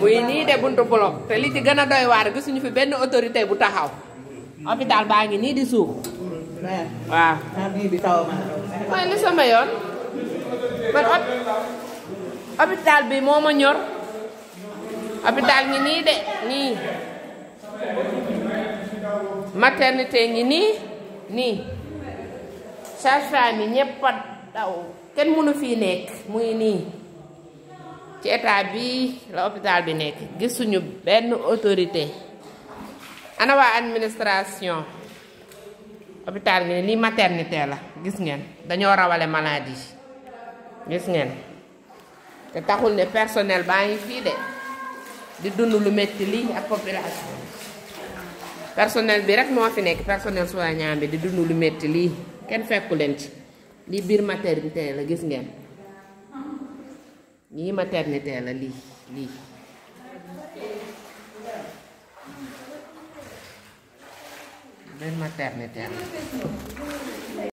buy ni de buntu bloc te li ci gëna a doy waar suñu fi benn autorité bu taxaw hôpital baa ngi nii di suuf waaw mooy ni sama yoon man hôpital bi moma ñor hôpital ngi ni de ni maternité ngi ni ni sa femme yi daw ken mënu fi nek muy ni ci état bi la hôpital bi nek gisunu ben autorité ana wa administration hôpital bi ne maternité la gis ngeen daño rawalé maladie gis té taxul ne personnel baa ngi di dund lu metti li ak population personnel bi rek mo fi nek personnel soignant bi di dund lu metti li Libir fekku leen ci maternité la gis ñii maternité la lii lii benn maternité la